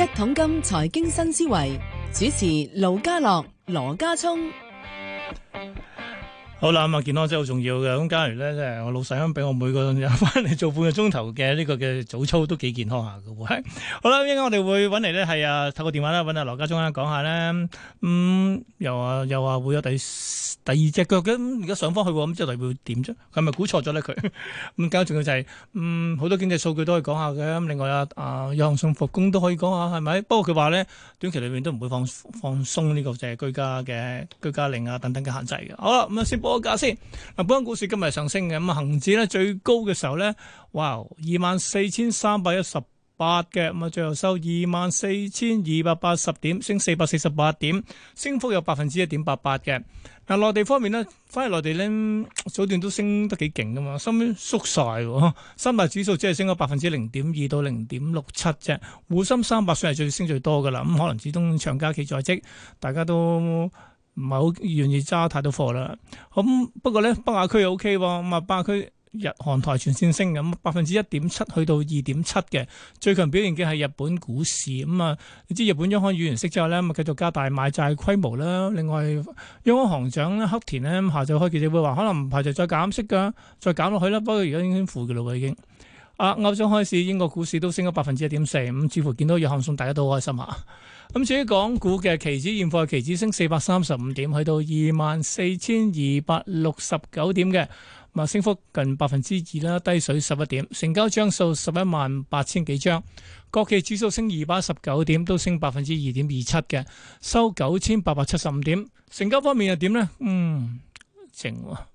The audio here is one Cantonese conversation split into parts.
一桶金財經新思維，主持盧家樂、羅家聰。好啦，咁啊健康真係好重要嘅。咁假如咧，即係我老細咁俾我每個有翻嚟做半個鐘頭嘅呢個嘅早操都幾健康下嘅喎。好啦，咁陣間我哋會揾嚟咧，係啊透過電話啦，揾阿羅家聰啦講下咧。嗯，又啊又話會有第第二隻腳嘅。咁而家上翻去喎，咁、嗯、即係代表點啫？係咪估錯咗咧佢？咁更加重要就係、是、嗯好多經濟數據都可以講下嘅。咁另外阿阿楊信福公都可以講下係咪？不過佢話咧短期裏面都唔會放放鬆呢個即係居家嘅居，居家令啊等等嘅限制嘅。好啦，咁、嗯、啊先。個價先嗱，本港股市今日上升嘅。咁，恒指咧最高嘅時候咧，哇，二萬四千三百一十八嘅，咁啊，最後收二萬四千二百八十點，升四百四十八點，升幅有百分之一點八八嘅。嗱，內地方面咧，反而內地咧、嗯，早段都升得幾勁噶嘛，收縮曬喎，三大指數只係升咗百分之零點二到零點六七啫，滬深三百算係最升最多噶啦，咁、嗯、可能始終長假期在即，大家都唔係好願意揸太多貨啦。咁、嗯、不過咧，北亞區又 OK 喎。咁啊，北亞區日韓台全線升咁，百分之一點七去到二點七嘅。最強表現嘅係日本股市。咁、嗯、啊，你知日本央行預言息之後咧，咁啊繼續加大買債規模啦。另外，央行行長黑田咧，下晝開記者會話，可能唔排除再減息嘅，再減落去啦。不過而家已經負嘅咯喎已經。啊，歐洲開始，英國股市都升咗百分之一點四。咁、嗯、似乎見到央行送大家都好開心嚇。咁至於港股嘅期指現貨期指升四百三十五點，去到二萬四千二百六十九點嘅，咁啊升幅近百分之二啦，低水十一點，成交張數十一萬八千幾張。國企指數升二百一十九點，都升百分之二點二七嘅，收九千八百七十五點。成交方面又點咧？嗯，淨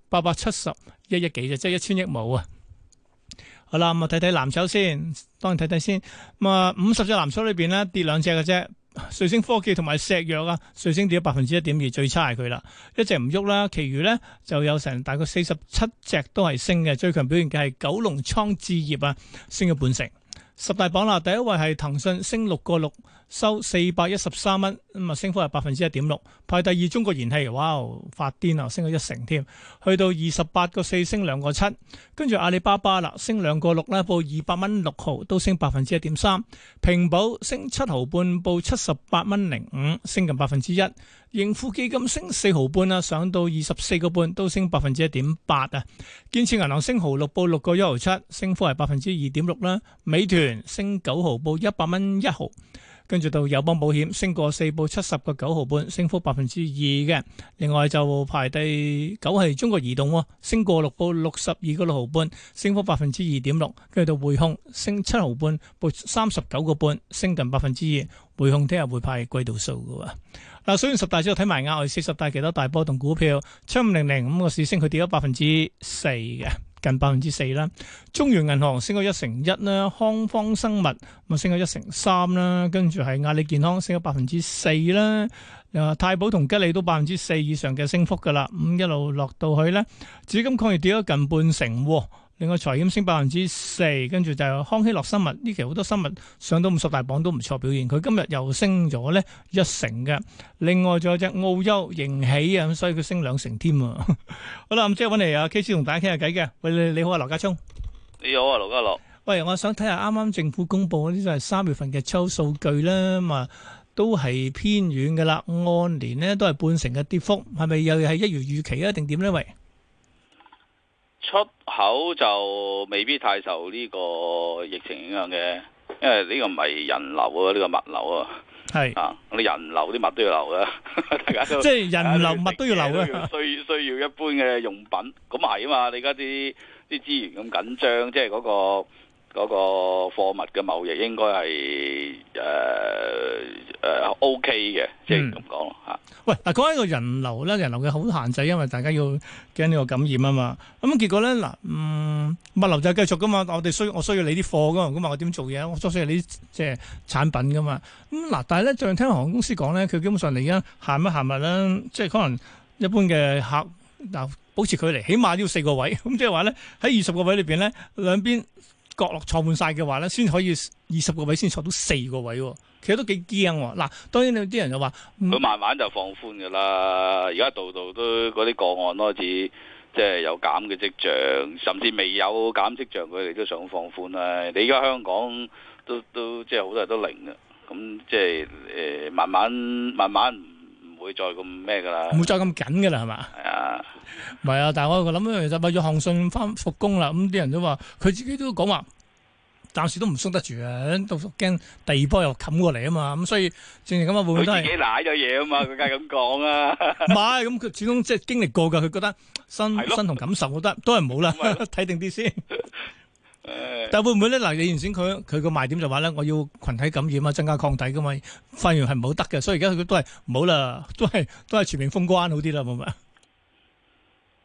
八百七十一億幾啫，即係一千億冇啊。好啦，咁啊睇睇藍籌先，當然睇睇先。咁啊五十隻藍籌裏邊咧，跌兩隻嘅啫。瑞星科技同埋石藥啊，瑞星跌咗百分之一點二，最差係佢啦，一隻唔喐啦。其餘咧就有成大概四十七隻都係升嘅，最強表現嘅係九龍倉置業啊，升咗半成。十大榜啦，第一位係騰訊，升六個六，收四百一十三蚊，咁啊升幅係百分之一點六。排第二中國燃氣，哇、哦，發癲啦，升咗一成添，去到二十八個四，升兩個七。跟住阿里巴巴啦，升兩個六啦，報二百蚊六毫，都升百分之一點三。平保升七毫半，報七十八蚊零五，升近百分之一。盈富基金升四毫半啊，上到二十四個半，都升百分之一點八啊。建設銀行升毫六，報六個一毫七，升幅係百分之二點六啦。美團升九毫,毫，報一百蚊一毫，跟住到友邦保險升過四，報七十個九毫半，升幅百分之二嘅。另外就排第九係中國移動，升過六，報六十二個六毫半，升幅百分之二點六。跟住到匯控升七毫半，報三十九個半，升, 95, 5, 升近百分之二。匯控聽日會派季度數嘅。嗱，所以十大隻我睇埋啊，額外四十大其他大波動股票，七五零零五個市升，佢跌咗百分之四嘅。近百分之四啦，中原銀行升咗一成一啦，康方生物咁啊升咗一成三啦，跟住係阿里健康升咗百分之四啦，誒太保同吉利都百分之四以上嘅升幅噶啦，咁一路落到去咧，紫金礦業跌咗近半成。哦。另外，財險升百分之四，跟住就係康希諾生物，呢期好多生物上到五十大榜都唔錯表現，佢今日又升咗咧一成嘅。另外仲有隻澳洲盈起啊，咁所以佢升兩成添啊。好啦，咁即係揾嚟 KC 同大家傾下偈嘅。喂，你好啊，羅家聰。你好啊，羅家樂。喂，我想睇下啱啱政府公布嗰啲就係三月份嘅抽數據啦，咁啊都係偏軟嘅啦，按年咧都係半成嘅跌幅，係咪又係一如預期啊？定點咧？喂？出口就未必太受呢個疫情影響嘅，因為呢個唔係人流、呢個、流是啊，呢個物流啊，係啊，我哋人流啲物都要流啊，大家都即係 人流物都要流啊。 需要需要一般嘅用品，咁係啊嘛，你而家啲啲資源咁緊張，即係嗰、嗰個。嗰個貨物嘅貿易應該係誒誒 OK 嘅，即係咁講嚇。啊、喂，嗱講一個人流咧，人流嘅好限制，因為大家要驚呢個感染啊嘛。咁、嗯嗯、結果咧，嗱，嗯，物流就繼續噶嘛。我哋需我需要你啲貨噶嘛。咁、呃嗯、啊，我點做嘢？我所需要你啲即係產品噶嘛。咁嗱，但係咧，就近聽航空公司講咧，佢基本上嚟緊限乜限物啦。即、就、係、是、可能一般嘅客嗱保持距離，起碼都要四個位。咁即係話咧，喺二十個位裏邊咧，兩邊。兩邊角落坐滿晒嘅話咧，先可以二十個位先坐到四個位，其實都幾驚。嗱，當然有啲人就話，佢、嗯、慢慢就放寬㗎啦。而家度度都嗰啲個案開始即係有減嘅跡象，甚至未有減跡象，佢哋都想放寬啦。你而家香港都都即係好多人都零嘅，咁即係誒、呃、慢慢慢慢唔會再咁咩㗎啦，唔會再咁緊㗎啦係嘛？係啊。唔係 啊，但係我諗咧，就為咗康信翻復工啦。咁、嗯、啲人都話，佢自己都講話暫時都唔縮得住啊。咁到驚第二波又冚過嚟啊嘛。咁所以正正咁啊，會唔會都係自己舐咗嘢啊？嘛，佢梗係咁講啊，唔係咁佢始終即係經歷過噶。佢覺得身的身同感受，我覺得都係冇啦，睇 定啲先。 的但係會唔會咧？嗱，你原先佢佢個賣點就話咧，我要群體感染啊，增加抗體噶嘛。發現係唔好得嘅，所以而家佢都係冇啦，都係都係全面封關好啲啦，冇咩？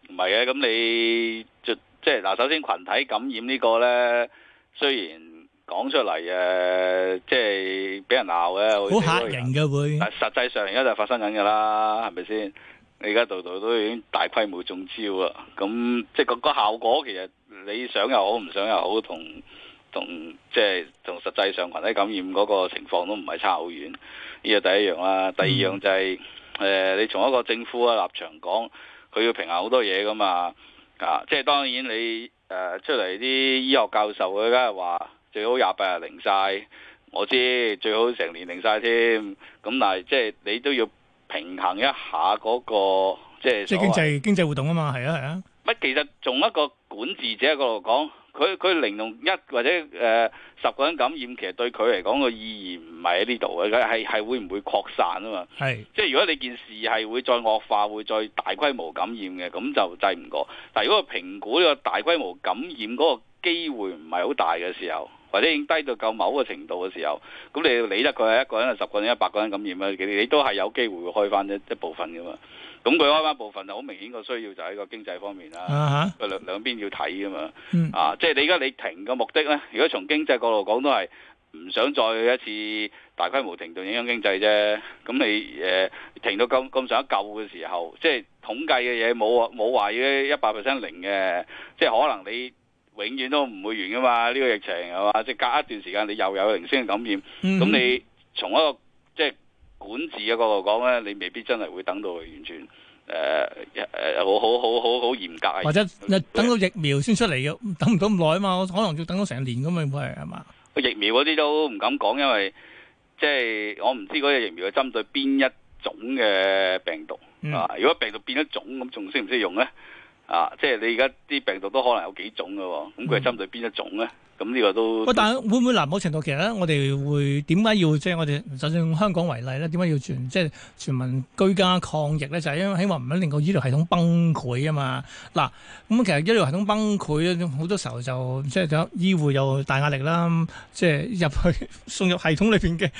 唔係嘅，咁你即即係嗱，首先群體感染個呢個咧，雖然講出嚟誒，即係俾人鬧嘅，好嚇人嘅會。但實際上而家就發生緊嘅啦，係咪先？你而家度度都已經大規模中招啦，咁即係個、嗰個效果其實你想又好，唔想又好，同同即係同實際上群體感染嗰個情況都唔係差好遠。呢個第一樣啦，第二樣就係誒，你從一個政府嘅立場講。佢要平衡好多嘢㗎嘛，啊，即係當然你誒、呃、出嚟啲醫學教授佢梗係話最好廿八日零晒，我知最好成年零晒添，咁但係即係你都要平衡一下嗰、那個即係即係經濟經濟活動啊嘛，係啊係啊，乜、啊、其實從一個管治者角度講。佢佢零用一或者誒、呃、十個人感染，其實對佢嚟講個意義唔係喺呢度嘅，係係會唔會擴散啊嘛？係是，即係如果你件事係會再惡化，會再大規模感染嘅，咁就制唔過。但係如果評估呢個大規模感染嗰個機會唔係好大嘅時候，或者已經低到夠某個程度嘅時候，咁你理得佢係一個人、十個人、一百個人感染咩？你都係有機會會開翻一一部分嘅嘛。咁佢啱啱部分就好明顯個需要就喺個經濟方面啦、啊。個、uh huh. 兩兩邊要睇㗎嘛。Mm. 啊，即係你而家你停嘅目的咧，如果從經濟角度講都係唔想再一次大規模停頓影響經濟啫。咁你誒、呃、停到咁咁上一舊嘅時候，即係統計嘅嘢冇冇話要一百 percent 零嘅，即係可能你永遠都唔會完㗎嘛。呢、呢個疫情係嘛，即係隔一段時間你又有零星嘅感染，咁、mm hmm. 你從一個即係。管治嘅角度講咧，你未必真係會等到佢完全誒誒，好好好好好嚴格或者等到疫苗先出嚟嘅，等唔到咁耐啊嘛，我可能要等到成年咁啊，係係嘛？疫苗嗰啲都唔敢講，因為即係我唔知嗰隻疫苗係針對邊一種嘅病毒啊。嗯、如果病毒變一種咁，仲識唔識用咧？啊，即係你而家啲病毒都可能有幾種嘅，咁佢係針對邊一種咧？咁、嗯、呢、呢個都，喂，但係會唔會嗱？某、啊、程度其實咧，我哋會點解要即係我哋，就算香港為例咧，點解要全即係全民居家抗疫咧？就係、是、因為希望唔好令個醫療系統崩潰啊嘛。嗱、啊，咁、嗯、其實醫療系統崩潰好多時候就即係等醫護又大壓力啦，即係入去送入系統裏邊嘅。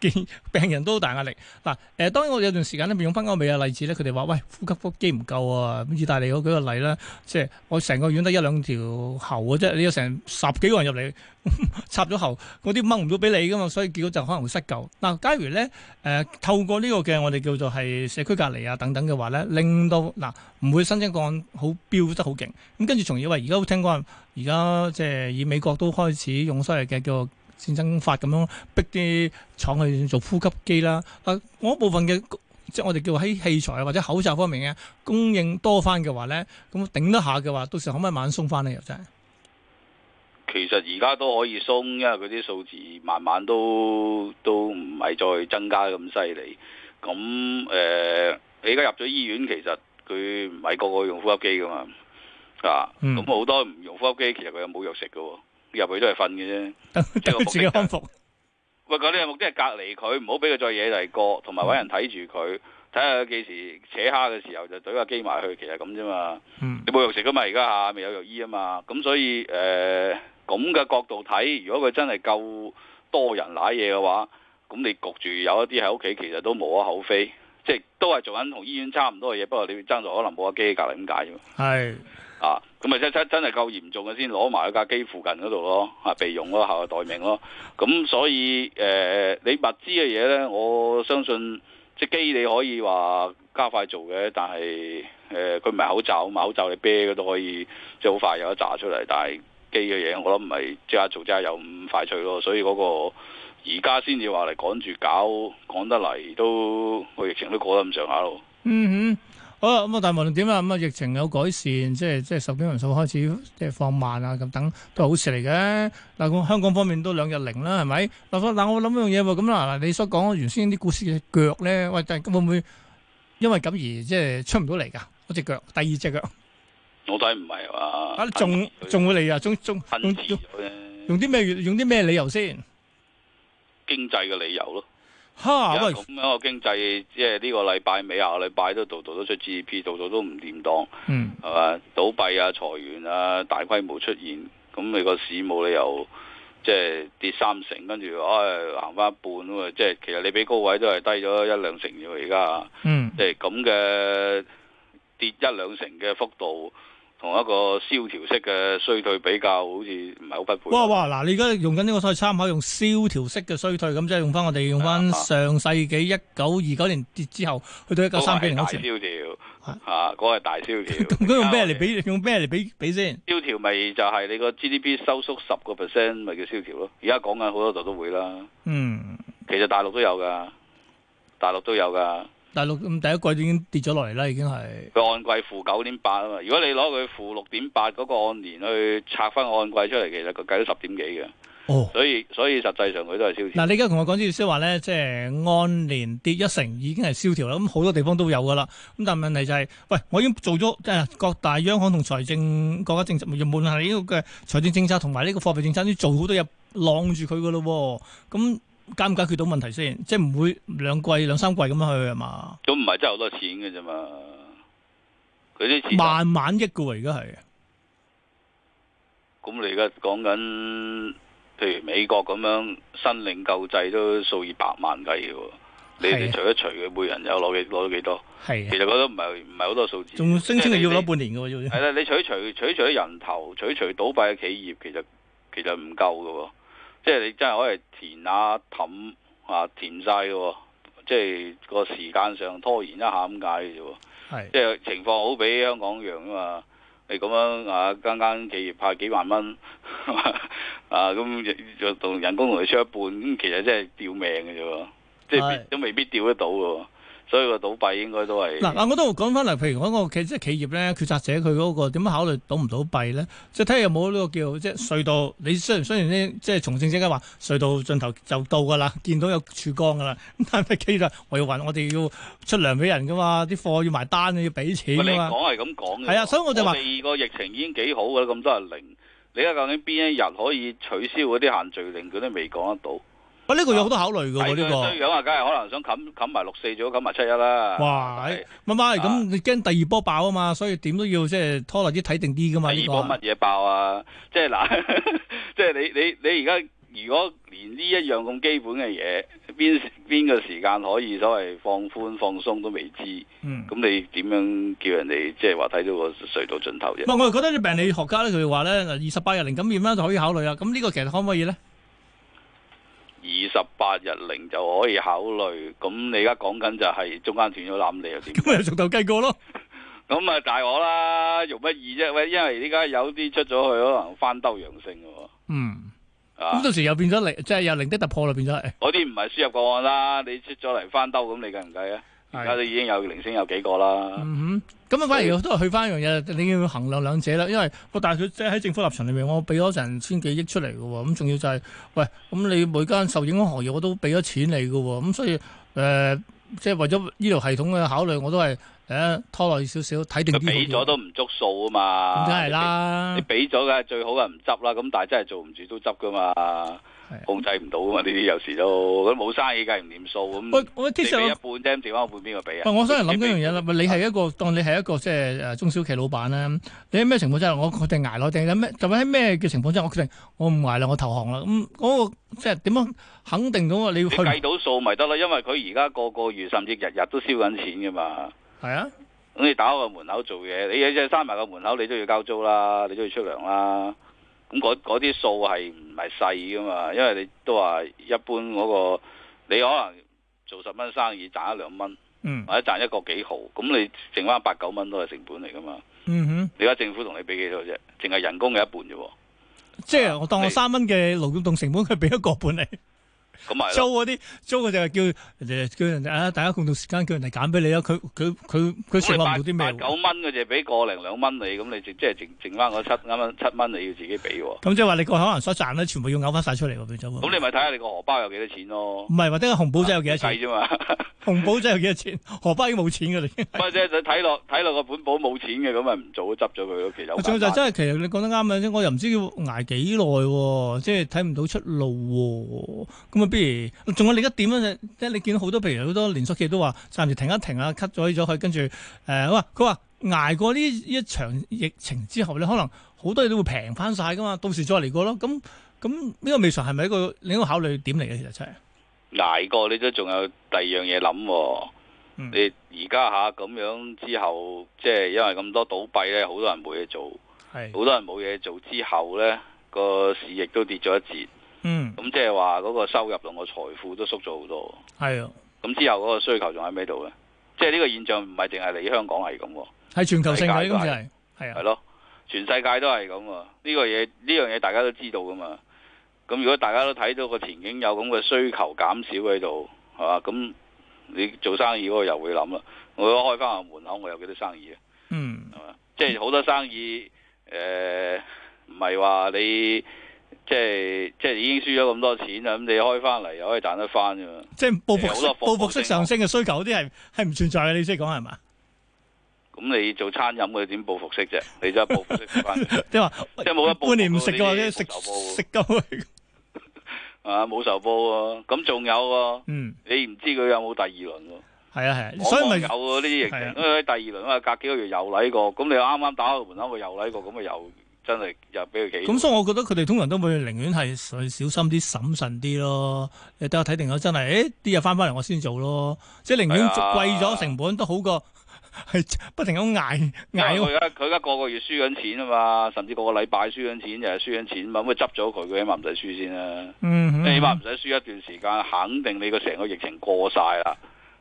健病人都好大壓力。嗱，誒當然我有段時間咧用翻歐美嘅例子咧，佢哋話喂呼吸機唔夠啊！意大利我舉個例啦，即係我成個院得一兩條喉嘅啫，你有成十幾個人入嚟 插咗喉，我啲掹唔到俾你噶嘛，所以結果就可能失救。嗱，假如咧誒、呃、透過呢個嘅我哋叫做係社區隔離啊等等嘅話咧，令到嗱唔會新增個案好飆得好勁。咁跟住仲要話，而家我聽講而家即係以美國都開始用所謂嘅叫。戰爭法咁樣逼啲廠去做呼吸機啦，啊，嗰部分嘅即係我哋叫喺器材或者口罩方面嘅供應多翻嘅話咧，咁頂得下嘅話，到時可唔可以慢慢鬆翻咧？又真？其實而家都可以鬆，因為佢啲數字慢慢都都唔係再增加咁犀利。咁誒，你而家入咗醫院，其實佢唔係個個用呼吸機噶嘛，嗯、啊，咁好多唔用呼吸機，其實佢又冇藥食㗎喎。入去都係瞓嘅啫，即係 目的服。 喂，嗰、那、啲、個、目的係隔離佢，唔好俾佢再惹嚟過，同埋揾人睇住佢，睇下佢幾時扯蝦嘅時候就懟個機埋去，其實咁啫嘛。你冇、嗯、肉食噶嘛，而家下未有肉衣啊嘛。咁所以誒，咁、呃、嘅角度睇，如果佢真係夠多人攋嘢嘅話，咁你焗住有一啲喺屋企，其實都無可厚非。即係都係做緊同醫院差唔多嘅嘢，不過你爭咗可能冇架機隔籬點解啫？係是啊，咁咪真真真係夠嚴重嘅先攞埋架機附近嗰度咯，嚇備用咯，後待命咯。咁、嗯、所以誒、呃，你物資嘅嘢咧，我相信即機你可以話加快做嘅，但係誒佢唔係口罩，口罩你啤嘅都可以即係好快有一扎出嚟，但係機嘅嘢我諗唔係即刻做，即刻有咁快脆咯，所以嗰、那個。而家先至話嚟趕住搞，趕得嚟都個疫情都過得咁上下咯。嗯哼，好啦，咁啊，但無論點啦，咁啊，疫情有改善，即係即係受捐人數開始即係放慢啊，咁等都好事嚟嘅。嗱，個香港方面都兩日零啦，係咪？嗱，我嗱諗一樣嘢喎，咁嗱，你所講原先啲故事嘅腳咧，喂，但會唔會因為咁而即係出唔到嚟噶？嗰隻腳，第二隻腳，我都唔係話？啊還，仲仲會嚟啊？仲仲用用啲咩用啲咩理由先？經濟嘅理由咯，因為哈！咁樣個經濟，即係呢個禮拜尾、下個禮拜都度度都出 GDP 度度都唔掂當，嗯，係嘛？倒閉啊、裁員啊、大規模出現，咁你個市冇理由即係、就是、跌三成，跟住唉行翻一半喎，即、就、係、是、其實你比高位都係低咗一兩成嘅，而家嗯，即係咁嘅跌一兩成嘅幅度。同一個蕭條式嘅衰退比較，好似唔係好匹配哇。哇哇，嗱，你而家用緊呢個去參考，用蕭條式嘅衰退，咁即係用翻我哋用翻上世紀一九二九年跌之後去到一九三幾年嗰時。大蕭條啊，嗰係大蕭條。咁用咩嚟比？用咩嚟比？比先？蕭條咪就係你個 GDP 收縮十個 percent 咪叫蕭條咯。而家講緊好多度都會啦。嗯，其實大陸都有噶，大陸都有噶。大陸咁第一季已經跌咗落嚟啦，已經係按季負九點八啊嘛。如果你攞佢負六點八嗰個按年去拆翻個按季出嚟，其實佢計咗十點幾嘅。哦，所以所以實際上佢都係蕭條。嗱，你而家同我講呢句說話咧，即係按年跌一成已經係蕭條啦。咁、嗯、好多地方都有噶啦。咁但係問題就係、是，喂，我已經做咗即係各大央行同財政國家政策，無論係呢個嘅財政政策同埋呢個貨幣政策，都做好多嘢晾住佢噶咯喎。咁、嗯嗯解唔解決到問題先？即係唔會兩季兩三季咁樣去係嘛？咁唔係真係好多錢嘅啫嘛？佢啲錢萬萬億嘅喎，而家係。咁你而家講緊，譬如美國咁樣申領救濟都數以百萬計嘅、啊，啊、你哋除一除，佢每人有攞幾攞到幾多？係。啊、其實覺得唔係唔係好多數字。仲聲稱要攞半年嘅喎、啊，係啦，你除一除，除一除人頭，除一除倒閉嘅企業，其實其實唔夠嘅。即係你真係可以填下氹啊，填晒㗎喎，即係個時間上拖延一下咁解嘅啫喎。係，即係情況好比香港一樣啊嘛，你咁樣啊間間企業派幾萬蚊 啊，咁就同人工同佢出一半，咁其實真係吊命嘅啫喎，即係都未必吊得到喎。所以個倒閉應該都係嗱嗱，我都講翻嚟。譬如講個企即係企業咧，決策者佢嗰個點樣考慮倒唔倒閉咧？即係睇下有冇呢個叫即係隧道。你雖然雖然咧，即係從政者話隧道盡頭就到㗎啦，見到有曙光㗎啦。但係其實我要運，我哋要出糧俾人噶嘛，啲貨要埋單要俾錢㗎嘛。你講係咁講嘅。係啊，所以我就話：呢個疫情已經幾好㗎啦，咁多日零。你而家究竟邊一日可以取消嗰啲限聚令，佢都未講得到。我呢、啊，這個有好多考慮噶，呢個衰樣啊，梗係可能想冚冚埋六四，仲要冚埋七一啦。哇！咪咪咁，啊、你驚第二波爆啊嘛？所以點都要即係、這個、拖耐啲睇定啲噶嘛？呢波乜嘢爆啊？即係嗱，即係、啊、 你你你而家如果連呢一樣咁基本嘅嘢，邊邊個時間可以所謂放寬放鬆都未知，咁、嗯、你點樣叫人哋即係話睇到個隧道盡頭啫、啊？我係覺得啲病理學家咧，佢哋話咧嗱，二十八日零感染咧就可以考慮啦。咁呢個其實可唔可以咧？二十八日零就可以考慮，咁你 而家講緊就係中間斷咗攬你又點？咁咪從頭計過咯？咁啊大鑊啦，容乜易啫？喂，因為而家有啲出咗去可能翻兜陽性嘅。嗯，咁吧到時又變咗嚟，即係又零點突破咯，變咗。嗰啲唔係輸入個案啦，你出咗嚟翻兜，咁你計唔計啊？而家都已經有零星有幾個啦、嗯。嗯哼，咁啊反而都係去翻一樣嘢，你要衡量兩者啦。因為個大佢即係喺政府立場裏面，我俾咗成千幾億出嚟嘅，咁、嗯、仲要就係、是、喂、咁、嗯、你每間受影響行業我都俾咗錢你嘅，咁所以誒、即係為咗醫療系統嘅考慮，我都、嗯呃、係誒、欸、拖耐少少睇定啲。佢俾咗都唔足數啊嘛，咁梗係啦。你俾咗嘅最好嘅唔執啦，咁但係真係做唔住都執噶嘛。控制唔到啊嘛！呢啲有時都咁冇生意，計唔掂數咁。喂，我 t i p 一半啫，我剩翻我半邊個俾啊！我我真係諗緊樣嘢啦。咪你係一個當你係一個即係誒中小企老闆啦。你喺咩情況之下，我決定捱落定有咩？就喺咩嘅情況之下，我決定我唔捱啦，我投降啦。咁嗰個即係點樣肯定咁啊？你要計到數咪得咯，因為佢而家個個月甚至日日日都燒緊錢噶嘛。係啊的，咁你打開個門口做嘢，你一一閂埋個門口，你都要交租啦，你都要出糧啦。咁嗰啲數係唔係細噶嘛？因為你都話一般嗰個，你可能做十蚊生意賺一兩蚊，嗯，或者賺一個幾毫，咁你剩翻八九蚊都係成本嚟噶嘛？嗯哼，你而家政府同你俾幾多啫？淨係人工嘅一半啫？即係我當我三蚊嘅勞動成本，佢俾一個半你。 租嗰啲租佢就係叫叫人啊，大家共同時間，叫人哋揀俾你咯，佢佢佢佢食落唔啲咩八九蚊嘅、嗯、就俾個零兩蚊你，咁你即係剩淨翻七啱啱七蚊你要自己俾喎，咁即係話你個可能所賺咧全部要嘔翻晒出嚟喎，變咗咁你咪睇下你個荷包有幾多錢咯，唔係話睇下紅寶仔有幾多錢啫嘛，紅寶仔有幾多錢荷包已經冇錢噶啦，即係睇落睇落個本簿冇錢嘅，咁咪唔做執咗佢咯，其實就真係其實你講得啱嘅，我又唔知要捱幾耐，即係睇唔到出路咁、啊嗯不如，仲有另一點啊？即係你見到好多，譬如好多連鎖企業都話暫時停一停啊，cut 咗咗佢，跟住誒，佢話、呃、捱過呢一場疫情之後，你可能好多嘢都會平翻晒噶嘛，到時再嚟過咯。咁咁呢個未來係咪一個你個考慮點嚟嘅？其實真係捱過你都仲有第二樣嘢諗、哦。嗯、你而家嚇咁樣之後，即、就、係、是、因為咁多倒閉咧，好多人冇嘢做，好的多人冇嘢做之後咧，個市亦都跌咗一截。嗯，咁即係話嗰個收入同個財富都縮咗好多。係啊，咁之後嗰個需求仲喺咩度咧？即係呢個現象唔係淨係你香港係咁，係全球性係咁，係係啊，係咯，全世界都係咁啊！呢個嘢呢樣嘢大家都知道噶嘛。咁如果大家都睇到個前景有咁嘅需求減少喺度，係嘛？咁你做生意嗰個又會諗啦。我開翻個門口，我有幾多生意啊？嗯，係嘛？即係好多生意誒，唔係話你。即係即係已經輸咗咁多錢啦，咁你開翻嚟又可以賺得翻啫嘛？即係報復式、欸、報復式上升嘅需求，啲係係唔存在嘅。你即係講係嘛？咁、嗯、你做餐飲佢點報復式啫？你真係報復式翻？即係即係冇一半年唔食過，食食夠係嘛？冇仇、啊、報喎，咁仲有喎？嗯、你唔知佢有冇第二輪喎？係啊係、啊，所以咪有呢啲疫情，啊、因為第二輪啊，隔幾個月又嚟過，咁你啱啱打開個門口又嚟過，咁啊又。真係入俾佢幾？咁所以，我覺得佢哋通常都會寧願係小心啲、審慎啲咯。你等下睇定咗，真係誒啲嘢翻翻嚟，哎、我先做咯。即係寧願貴咗成本都好過係不停咁捱捱。佢而家佢而家個個月輸緊錢啊嘛，甚至個個禮拜輸緊錢就係輸緊錢嘛。咁咪執咗佢，佢起碼唔使輸先啦、嗯。嗯，你起碼唔使輸一段時間，肯定你個成個疫情過晒啦。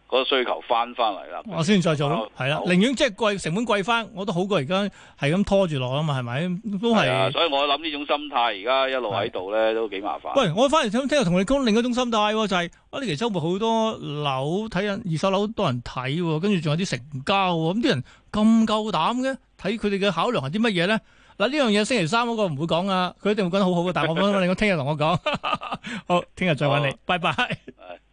嗰個需求翻翻嚟啦，我先再做咯，係啦好，啊、寧願即係貴成本貴翻，我都好過而家係咁拖住落啊嘛，係咪？都係、啊，所以我諗呢種心態而家一路喺度咧，啊、都幾麻煩、啊。喂，我翻嚟想聽日同你講另一種心態、啊，就係我呢期週末好多樓睇緊二手樓，多人睇、啊，跟住仲有啲成交喎、啊。咁、嗯、啲人咁夠膽嘅，睇佢哋嘅考量係啲乜嘢咧？嗱、啊、呢樣嘢星期三嗰個唔會講啊，佢一定會講得好好嘅，但 我講翻你講聽日同我講， 好，聽日再揾你， 拜拜。